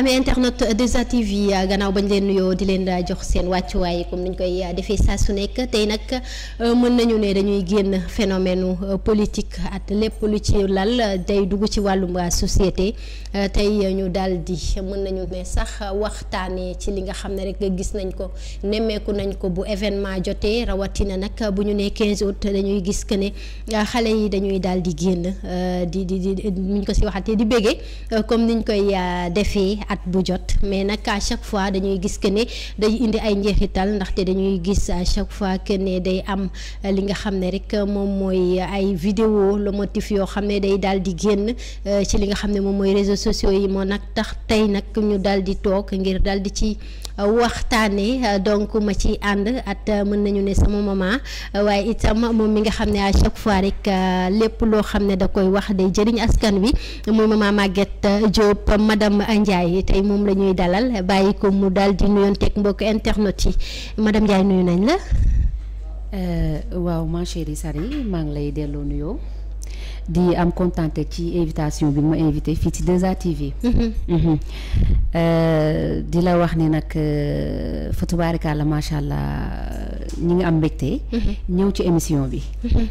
amee internet des a TV gannaaw bañ leen nuyoo di leen daa jox seen wàccuwaay comme niñ koy uh, defee saa su nekk tey nag uh, mën nañu ne dañuy génn phénomène uh, politique at lépp lu ci lal day dugg ci wàllum société tey ñu daal di mën nañu ne sax waxtaanee ci li nga xam ne rek gis nañ ko nemmeeku nañ ko bu événement jotee rawatina nag bu ñu nee 15 août dañuy gis que ne xale yi dañuy daal di génn di di di ñu ko si waxatee di béggee comme niñ koy defee. at bu jot mais nag chaque fois dañuy gis que ne day indi ay njeexital ndaxte dañuy gis chaque fois que day am euh, li nga xam ne rek moom mooy ay vidéo le motif yoo xam ne day daal di génn euh, ci li nga xam ne moom mooy réseaux sociaux yi moo nag tax tey nag ñu daal di toog ngir daal di ci euh, waxtaane donc ma ci ànd at mën nañu ne sama maman waaye it itam moom mi nga xam ne à chaque fois rek lépp loo xam ne da koy wax day jëriñ askan wi muy maman Maguette Diop madame Ndiaye ni tey moom la dalal bàyyi ko mu dal di nuyonteeg mbokk internet yi madame Ndiaye nuyu nañ la. Euh, waaw ma chérie Sary maa ngi lay delloo nuyoo. di am contenté ci invitation bi mu invité fii ci 2A TV. Mm-hmm. Mm-hmm. Euh, di la wax ni nag euh, fa tubaarikàlla macha allah ñi ngi am mbégte. Mm-hmm. ñëw ci émission bi.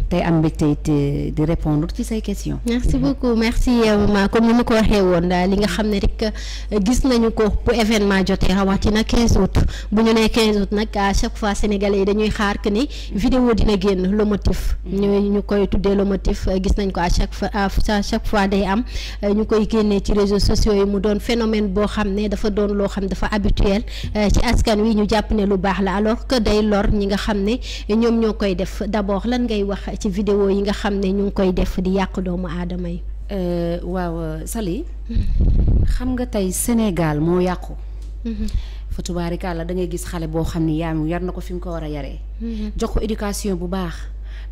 tey am mbégte it euh, di répondre ci say questions. merci beaucoup merci ma comme ni ko waxee woon li nga xam ne rek gis nañu ko bu événement jotee rawatina 15 août bu ñu nee 15 nag chaque fois sénégalais yi dañuy xaar que ni vidéo dina génn le motif. ñu ñu koy tuddee le gis nañ ko à chaque fois à chaque am euh, ñu koy génnee ci réseaux sociaux yi mu doon phénomène boo xam ne dafa doon loo xam dafa habituel euh, ci askan wi ñu jàpp ne lu baax la alors que day lor ñi nga xam ne ñoom ñoo koy def d'abord lan ngay wax ci vidéo yi nga xam ne ñu ngi koy def di yàq doomu aadama yi. Euh, waaw Sali mm-hmm. xam nga tey Sénégal moo yàqu. Mm-hmm. fa tubaarikàlla da ngay gis xale boo xam ni yaam yar na ko fi mu ko war a yaree. Mm-hmm. jox ko bu baax.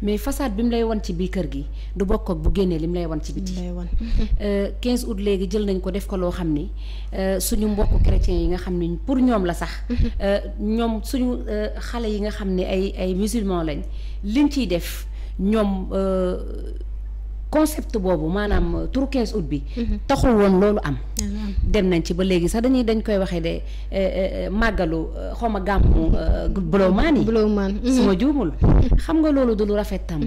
mais façade bi mu lay wan ci biir kër gi du bokk ak bu génnee li mu lay wan ci biti euh, quinze août léegi jël nañ ko def ko loo xam ni euh, suñu mbokk chrétien yi nga xam ni pour ñoom la sax euh, ñoom suñu xale yi nga xam ne ay ay musulman lañ liñ ciy def ñoom concept boobu maanaam mm-hmm. turu 15 août bi. Mm-hmm. taxul woon loolu am. Mm-hmm. dem nañ ci ba léegi sax dañuy dañ koy waxee de eh, eh, eh, màggalu xaw ma gàmmu Blowman yi. Blowman su ma juumul. xam nga loolu du lu rafet tam.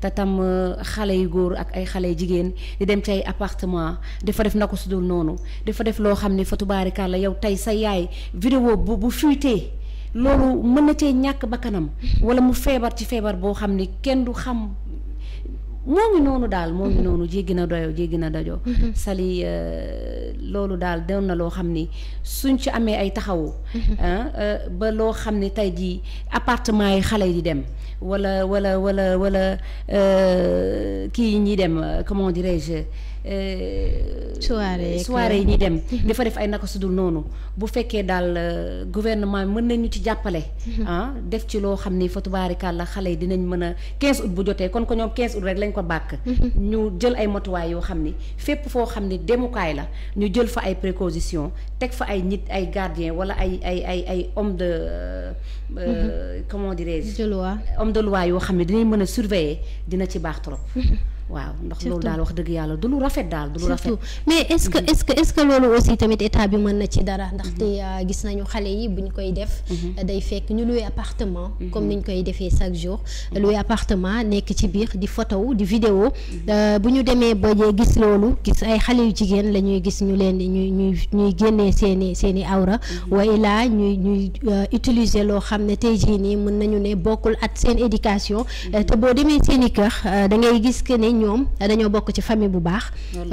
te tam xale yu góor ak ay xale yu jigéen di dem ci ay appartement dafa def na ko su dul noonu dafa def loo xam ne fa tubaarikàlla yow tey sa yaay vidéo bu bu fuitee. loolu mën na cee ñàkk bakkanam wala mu feebar ci feebar boo xam ni kenn du xam. moo ngi noonu daal moo ngi mm-hmm. noonu jéggi na doyo jéggi na dajoo mm-hmm. sali euh, loolu daal doon na loo xam ni suñ ci amee ay taxawu mm-hmm. ah, euh, ba loo xam ni tey jii appartement yi xale yi di dem wala wala wala wala euh, kii yi ñuy dem comment dirais-je Euh, soirée euh, soirée yi ñuy dem mhm. dafa def ay naka sudul noonu bu fekkee daal euh, gouvernement mën nañu ci jàppale mhm. ah def ci loo xam ni fa tubaarikàlla xale yi dinañ mën a quinze août bu jotee kon ko ñoom quinze août rek lañ ko bàkk mhm. ñu jël ay matuwaay yoo xam ni fépp foo xam ni demukaay la ñu jël fa ay précaution teg fa ay nit ay gardien wala ay ay ay ay homme de comment dirais-je de loi homme de loi yoo xam ne dinañ mën a surveiller dina ci baax trop waaw ndox loolu daal wax dëgg yàlla du lu rafet daal du lu rafet mais mhm. est-ce que est-ce que est loolu aussi tamit état bi mën mhm. euh, gis nañu xale yi bu ñu koy def mhm. day fekk ñu loué appartement comme niñ koy defee chaque jour loué appartement nekk ci biir di photo di vidéo euh, bu ñu demee ba gis loolu gis ay xale yu jigéen la ñuy gis ñu leen di ñuy ñuy ñuy génnee seeni seeni awra wa ilaa ñuy ñuy euh, utiliser loo xam ne tey jii nii mën nañu ne bokkul at seen éducation te boo demee seeni kër da gis que ne ñoom dañoo bokk ci famille bu baax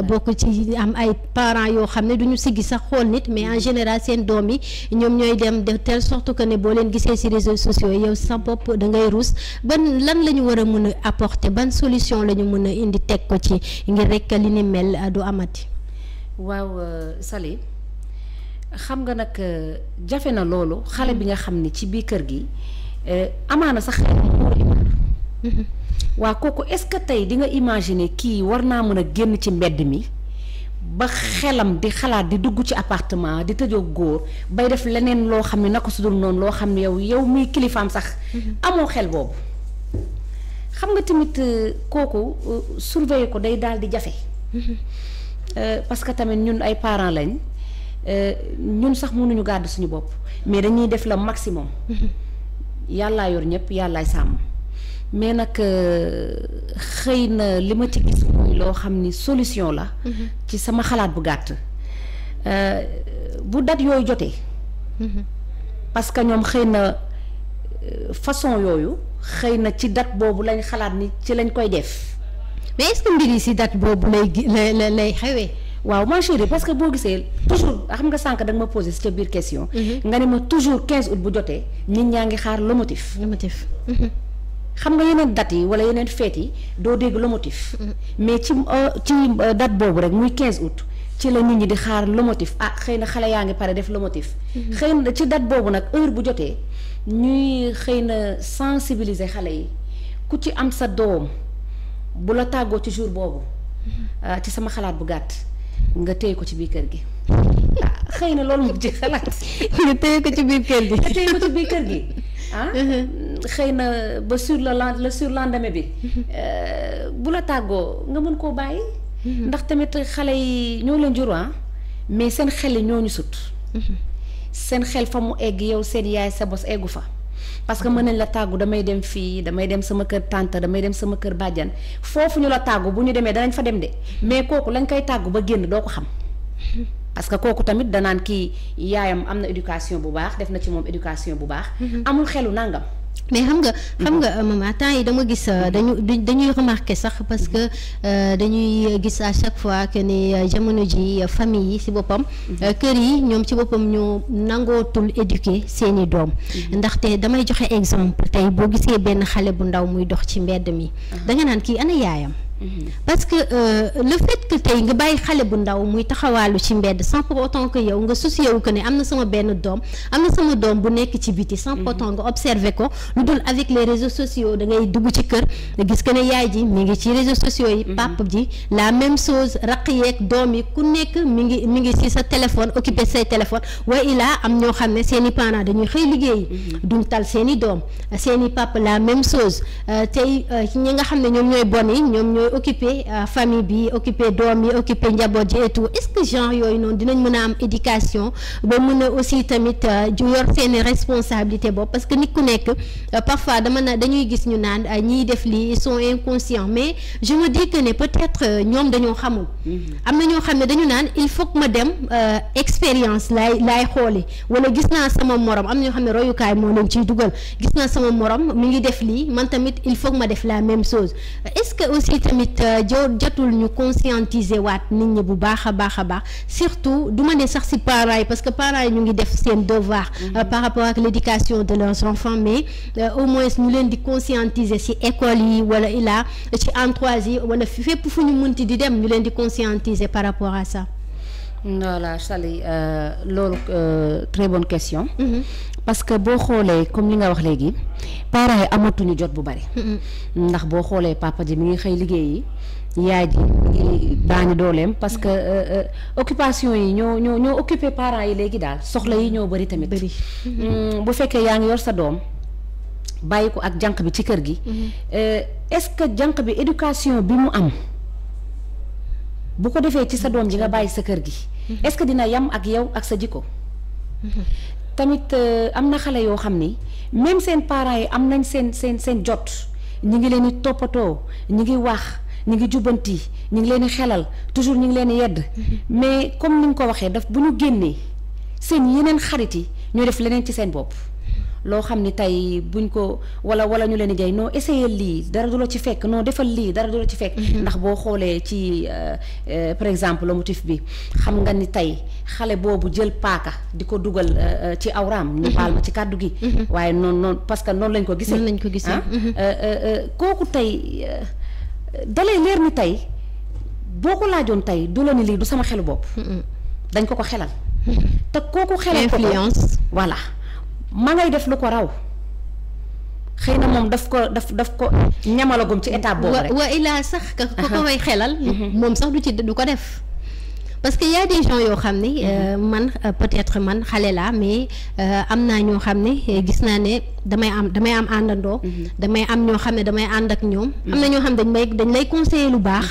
bokk ci am ay parents yoo xam ne duñu ñu siggi sax xool nit mais en général seen doom yi ñoom ñooy dem de telle sorte que ne boo leen gisee ci réseaux sociaux yow sa bopp da ngay ruus ban lan la ñu war a mën a apporter ban solution la ñu mën a indi teg ko ci ngir rek li ni mel euh, du amati waaw euh, Sali xam nga nag euh, jafe na loolu xale bi nga xam ni ci biir kër gi amaana sax xale waa kooku est-ce que tey di nga imaginer kii war naa mën a génn ci mbedd mi ba xelam di xalaat di dugg ci appartement di tëjoo góor bay def leneen loo xam ne naka su dul noonu loo xam ne yow yow muy kilifaam sax. Mhm. amoo xel boobu. xam nga tamit euh, kooku euh, surveiller ko day daal di jafe. Mhm. Euh, parce que tamit ñun ay parent lañ ñun sax mënuñu gàdd suñu bopp mais dañuy def la maximum. Mhm. yàllaa yor ñëpp yàllaay sàmm. mais nag euh, xëy na li ma ci gis loo xam ni solution la. Mhm. ci sama xalaat bu gàtt. Euh, bu date yooyu jotee. Mhm. parce que ñoom xëy na euh, façon yooyu xëy na ci dat boobu lañ xalaat ni ci lañ koy def. mais est-ce que mbir yi si date boobu lay lay lay xewee. waaw ma chérie parce que boo gisee toujours xam nga sànq da ma posé si ca biir question. Mhm. nga ne ma toujours quinze août bu jotee nit ñaa ngi xaar le motif. le motif. xam nga yeneen dat yi wala yeneen fête yi doo dégg le mm-hmm. mais ci euh, ci euh, date boobu rek muy 15 août. ci la nit ñi di xaar lomotif ah xëy na xale yaa ngi pare def lomotif mm-hmm. xëy na ci date boobu nag heure bu jotee ñuy xëy na sensibilise xale yi ku ci am sa doom bu la tàggoo ci jour boobu mm-hmm. ah, ci sama xalaat bu gàtt nga téye ko ci biir kër gi ah, xëy na loolu mu ci xalaat nga téye ko ci biir kër gi nga ko ci biir kër gi ah, xëy na ba sur le lan le surlendemain bi euh, bu la tàggoo nga mën koo bàyyi. ndax tamit xale yi ñoo leen jur ah. mais seen xel yi ñoo ñu sut. seen xel fa mu egg yow seen yaay sa bos eggu fa. parce que mën nañ la tàggu damay dem fii damay dem sama kër tante damay dem sama kër bàjjan foofu ñu la tàggu bu ñu demee danañ fa dem de mais kooku lañ koy tàggu ba génn doo ko xam. parce que kooku tamit danaan kii yaayam am na éducation bu baax def na ci moom éducation bu baax. amul xelu nàngam. mais xam nga xam nga euh, maman temps yi dama gis euh, dañu dañuy remarquer sax parce que euh, dañuy gis à chaque fois que jamono ji famille yi ci boppam mhm. kër yi ñoom ci boppam ñoo nangootul éduquer seeni doom mhm. ndaxte damay joxe exemple tey boo gisee benn xale bu ndaw muy dox ci mbedd mi ah. da nga naan kii ana yaayam Mm-hmm. parce que euh, le fait que tey nga bàyyi xale bu ndaw muy taxawaalu ci mbedd sans pour autant que yow nga soucié wu que ne am na sama benn doom am na sama doom bu nekk ci biti sans pour autant nga observé ko lu dul avec les réseaux sociaux da dugg ci kër nga gis que ne yaay ji mu ngi ci réseaux sociaux yi mm-hmm. pap ji la même chose raq yeeg doom yi ku nekk mu ngi mi ngi ci sa téléphone occupé say téléphone wa ilaa am ñoo xam ne seen i parents dañuy xëy liggéeyi mm-hmm. duñ tal seen i doom seen i occuper euh, famille bi occuper doom yi occuper njaboot ji et tout est-ce que genre yooyu noonu dinañ mën a am éducation ba mën a aussi tamit ju euh, yor seeni responsabilité boobu parce que nit ku nekk euh, parfois dama na dañuy gis ñu naan ñiy def lii soo sont inconscients mais je me dis que ne peut-être ñoom dañoo xamul mhm. am na ñoo xam ne dañu naan il faut ma dem expérience laay laay xooli wala gis naa sama morom am na ñoo xam ne royukaay moo leen ciy dugal gis naa sama morom mi ngi def lii man tamit il faut ma def la même chose tamit euh, jotul ñu conscientiser waat nit ñi bu baax a baax a baax surtout du ma ne sax ci parents yi parce que parent yi ñu ngi def seen devoir euh, mhm. par rapport ak l'éducation de leurs enfants mais euh, au moins ñu leen di conscientiser ci école yi wala ila ci endroits yi wala fépp fu ñu munti di dem ñu leen di conscientiser par rapport à ça voilà Sali euh, loolu euh, très bonne question. Mm parce que boo xoolee comme li nga wax léegi parents yi amatuñu jot bu bari. Mm-hmm. ndax boo xoolee papa ji mi ngi xëy liggéeyi yaay ji mi ngi dooleem parce que mm-hmm. euh, euh, occupation yi ñoo ñoo ñoo occupé yi léegi daal soxla yi ñoo bari tamit. Mm, bu fekkee yaa ngi yor sa doom. bàyyi ko ak jànq bi ci kër gi. Euh, est-ce que jànq bi éducation bi mu am. bu ko defee ci sa doom ji nga bàyyi sa kër gi. Mm-hmm. est-ce que dina yam ak yow ak sa jikko. Mm-hmm. tamit euh, am na xale yoo xam ni même seen parents yi am nañ seen seen seen jot ñi ngi leen toppatoo ñi ngi wax ñi ngi jubbanti ñi ngi leen di xelal toujours ñi ngi leen di yedd. Mm-hmm. mais comme ni nga ko waxee daf bu ñu génnee seen yeneen xarit yi ñoo def leneen ci seen bopp. loo xam ni tey buñ ko wala wala ñu leen di jay non essayer lii dara du la ci fekk noo defal lii dara du la ci fekk. Mm-hmm. ndax boo xoolee ci euh, euh, par exemple le motif bi xam nga ni tey xale boobu jël paaka di ko dugal euh, ci awraam. ñu mm-hmm. baal ma ci kàddu gi. Mm-hmm. waaye noonu noonu parce que noonu lañ ko gisee. noonu lañ ko gisee ah? kooku tey dalay leer ni tey boo ko laajoon tey du la ni lii du sama xelu bopp. dañ ko ko xelal. te kooku xelal ko influence voilà. ma ngay def lu ko raw xëy na moom daf ko daf daf ko ñamalagum ci étape boobu rek wa ilaa sax ka ko koy xelal moom sax du ci du ko def parce que yaa a des yoo xam ne mhm. euh, man euh, peut-être man xale laa mais euh, am naa ñoo xam ne gis naa ne damay am damay am àndandoo. Mhm. damay am ñoo xam ne damay ànd ak ñoom. am na mhm. ñoo xam dañ may dañ lay conseiller lu baax.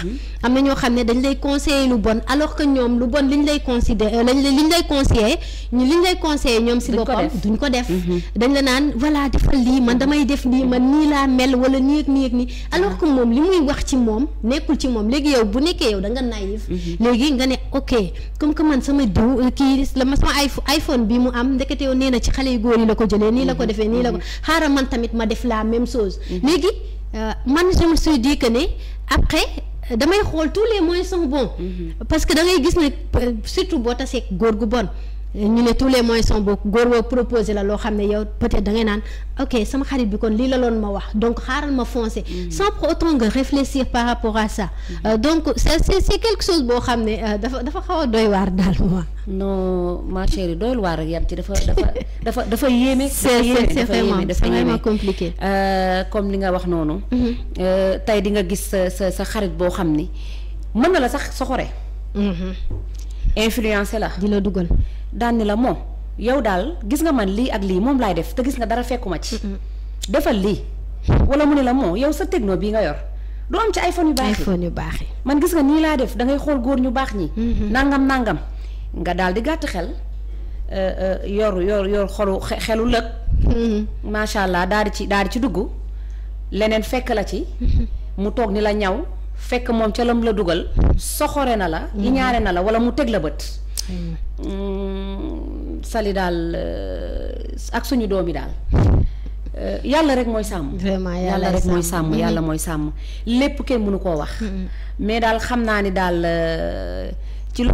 am na ñoo xam ne dañ lay conseiller lu bon alors que ñoom lu bon liñ lay considérer liñ liñ lay conseiller ñu liñ lay conseiller ñoom si boppam duñ ko def. dañ la naan voilà defal lii man damay def lii man nii laa mel wala nii ak nii ak nii alors que moom li muy wax ci moom nekkul ci moom léegi yow bu nekkee yow da nga naïf léegi ok comme que man sama diw euh, kii la ma sama iPhone bi mu am ndekete yow nee na ci xale yu góor yi la ko jëlee nii la ko mhm. defee nii la ko mhm. xaaral man tamit ma def laa même chose mhm. léegi euh, man je me suis dit que ne après damay xool tous les moyens sont bons parce que da ngay gis ne euh, surtout boo tasee góor gu bon ñu ne tous les moyens sont boo góor woo proposé la loo xam ne yow peut-être da naan ok sama xarit bi kon lii la loon ma wax donc xaaral ma foncer. Mm-hmm. sans pour autant nga réfléchir par rapport mm-hmm. euh, donc c'est c'est boo xam ne euh, dafa dafa xaw a doy waar daal moi. non ma chérie doy waar ak yam ci dafa dafa dafa dafa yéeme. dafa yéeme dafa yéeme dafa euh, comme li nga wax noonu. Mm-hmm. tey di nga gis sa sa sa xarit boo xam ni mën na la sax soxore. influencé la di la dugal daan ni la moom yow daal gis nga man lii ak lii moom laay def te gis nga dara fekkuma ci defal lii wala mu ne la moom yow sa techno bii nga yor doo am ci iPhone yu baax yi yu baax man gis nga nii laa def da xool góor ñu baax ñi mm-hmm. nangam nangam nga daal di gàtt xel euh, euh, yor yor yor xolu xelu lëg mm-hmm. macha allah daal di ci daal di ci dugg leneen fekk la ci mm-hmm. mu toog ni la ñaw fekk moom ca lam la dugal soxore na la mm-hmm. iñaane na la wala mu teg la bët mm-hmm. mm, sali daal euh, ak suñu doom yi daal euh, yàlla rek mooy sàmm vraiment yàlla rek mooy sàmm mm-hmm. yàlla mooy sàmm lépp kenn mënu koo wax mais daal xam naa ni daal euh, ci lu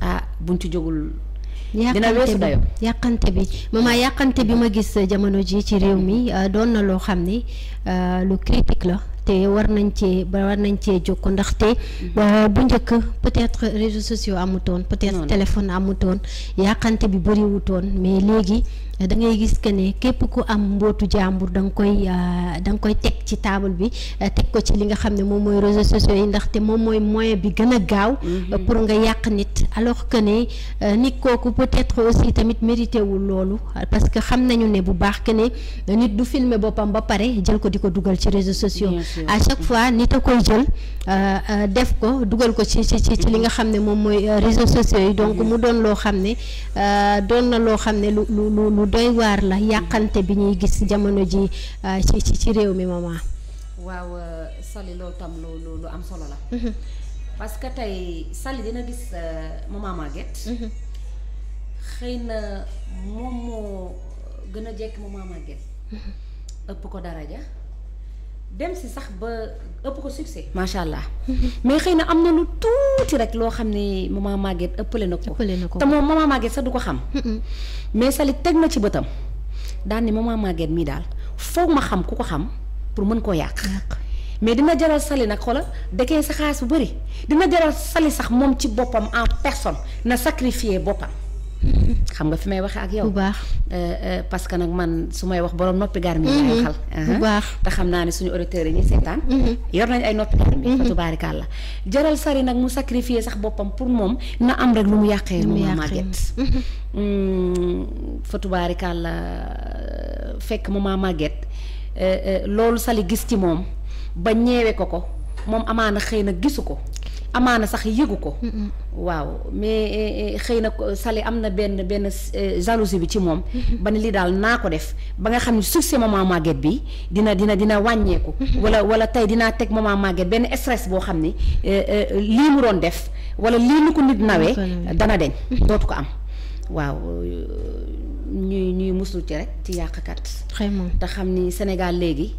ah buñ ci jógul dina weesu dayo yàqante bi maman yàqante bi ma gis jamono ji ci réew mi doon na loo xam ni lu critique la te war nañ cee ba war nañ cee jokk ndaxte mm-hmm. euh, bu njëkk peut-être réseaux sociaux amutoon peut-être téléphone amutoon yàqante bi bëriwutoon mais léegi da gis que ne képp ku am mbootu jàmbur da nga koy euh, koy teg ci table bi euh, teg ko ci li nga xam ne moom mooy réseaux sociaux yi ndaxte moom mooy moyen bi gën a gaaw mhm. euh, pour nga yàq nit alors que ne nit kooku peut-être aussi tamit mérité wul loolu parce que xam nañu ne bu baax que ne nit du filmer boppam ba pare jël ko di ko dugal ci réseaux sociaux à fois nit a koy jël def ko dugal ko ci li nga xam ne moom mooy réseaux sociaux yi donc mu doon loo xam ne doon na loo xam ne lu lu lu doy waar la yàqante bi ñuy gis jamono ji euh, ci ci réew mi maman. waaw euh, Sali loolu tam lu lu am solo la. Mhm. parce que tey Sali dina gis euh, maman Maguette. Mhm. xëy na moom moo gën a jekk maman Maguette. Mhm. ëpp ko daraja. dem si sax ba ëpp ko succès. macha allah mais xëy na am na lu tuuti rek loo xam ne maman Maguette ëppale na ko. ëppale na ko te moom maman Maguette sax du ko xam. mais Sali teg na ci bëtam daan ni maman Maguette mii daal foog ma xam ku ko xam pour mën koo yàq. mais dina jaral Sali nag xoola dakee sa su bu bëri dina jaral Sali sax moom ci boppam en personne na sacrifier boppam. xam nga fi may waxee ak yow. bu baax euh, euh, parce que nag man su may wax borom noppi garmi laay mm-hmm. waxal. bu baax te xam naa ne suñu auditeurs yi ñuy seetaan. Mm-hmm. yor nañ ay noppi garmi. fa mm-hmm. tubaarikàlla jaral sari nag mu sacrifier sax boppam pour moom na am rek lu mu yàqee. lu mu yàqee mm, fa tubaarikàlla euh, fekk mu maa màgget loolu sali gis ci moom ba ñeewe ko ko moom amaana xëy na gisu ko. amaana sax yëgu ko. waaw mais eh, eh, xëy na ko Sali am na benn benn eh, jalousie bi ci moom. ba ne lii daal naa ko def ba nga xam ne suuf si maman Maguette bi dina dina dina wàññeeku. wala wala tey dinaa teg maman Maguette benn stress boo xam ni lii mu doon def wala lii nu ko nit nawee. dana deñ dootu ko am. waaw ñuy ñuy muslu ci rek ci yàqkat. vraiment te xam ni Sénégal léegi.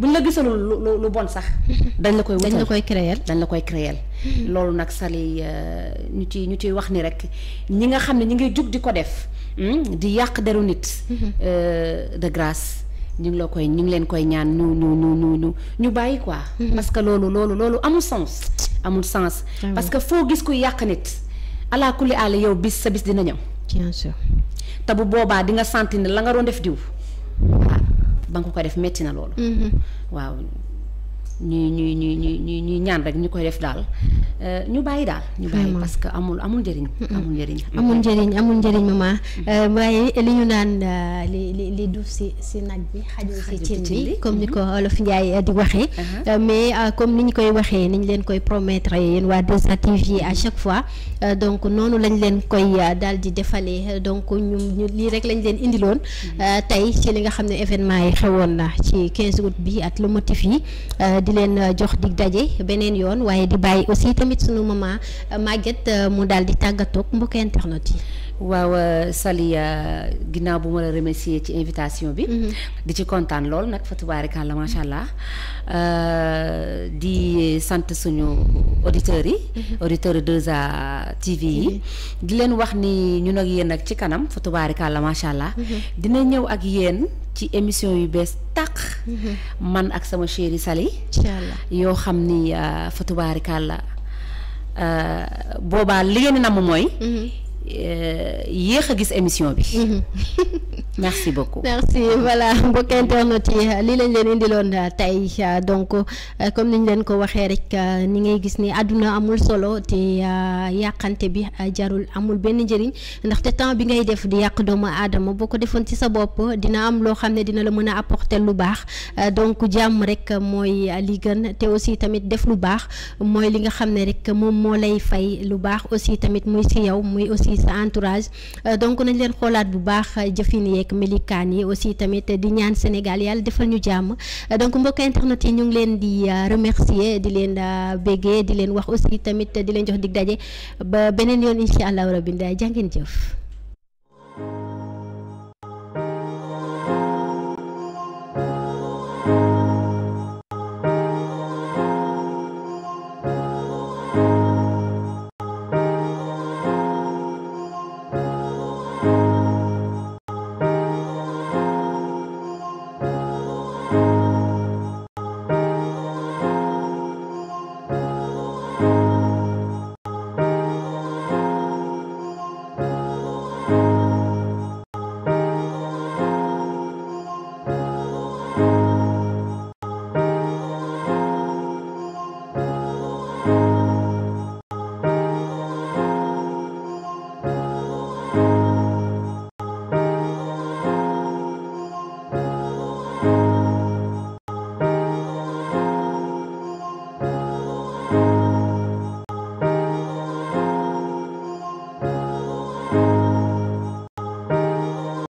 buñ la gisalul lu lu bon sax. dañ la koy wutal dañ la koy créer dañ la koy créer loolu nag Sali euh, ñu ci ñu ciy wax nii rek ñi nga xam ne ñi ngi jug di ko def hmm, di yàq deru nit. Euh, de grâce. ñu ngi la koy ñu ngi leen koy ñaan ñu ñu ñu bàyyi quoi. parce que loolu loolu loolu amul sens. amul sens ah parce que foo gis kuy yàq nit ala kulli àll yow bis sa bis dina ñëw. bien te bu boobaa di nga sentir la nga doon def diw. Ah, ba ko def metti na loolu mm-hmm. waaw ñuy ñu ñu ñu ñu ñaan rek ñu koy def daal euh, ñu bàyyi daal. ñu bàyyi parce que amul amul njëriñ. amul njëriñ amul njëriñ amul njëriñ maman. Euh, waaye li ñu naan euh, li li li duuf si si nag bi xajul si cin bi comme ni ko olof Ndiaye di waxee. Uh-huh. mais comme ni ñu koy waxee ni ñu leen koy promettre yéen waa 2A TV à chaque fois donc noonu lañ leen koy daal di defalee donc ñu lii rek lañ leen indiloon. tey ci li nga xam ne événement yi xewoon na ci 15 août bi ak le motif yi. dileen euh, jox dig daje beneen yoon waaye di bàyyi aussi tamit sunu maman euh, Maguette euh, mu daal di tàggatoog mbokk internet yi. waaw euh, Sali euh, ginnaaw bu ma la remercier ci invitation bi. Mhm. di ci kontaan lool nag fa tubaarikàlla macha allah euh, di sant suñu auditeurs yi. Mhm. auditeurs yi 2A TV yi. di leen wax ni ñun ak yéen ak ci kanam fa tubaarikàlla macha allah. Mhm. dina ñëw ak yéen ci émission yu bees taq man ak sama chéri Sali. incha allah yoo xam ni fa tubaarikàlla boobaa li ngeen namm mooy. Euh, yéex a gis émission bi. Mm-hmm. merci beaucoup merci voilà mbokk internet yi lii leen leen indiloon tey donc comme niñ leen ko waxee rek ni ngay gis ni àdduna amul solo te yàqante bi jarul amul benn njëriñ ndaxte temps bi ngay def di yàq dooma aadama boo ko defoon ci sa bopp dina am loo xam ne dina la mën a apporter lu baax donc jàmm rek mooy li gën te aussi tamit def lu baax mooy li nga xam ne rek moom moo lay fay lu baax aussi tamit muy si yow muy aussi. fii sa entourage euh, donc nañ leen xoolaat bu baax euh, jëfin yeeg melikaan yi aussi tamit di ñaan Sénégal yàlla defal ñu jàmm euh, donc mbokk internet yi ñu ngi leen di remercier di leen béggee di leen wax aussi tamit di leen jox dig daje ba beneen yoon incha allah rabbi ndaa jàngeen jëf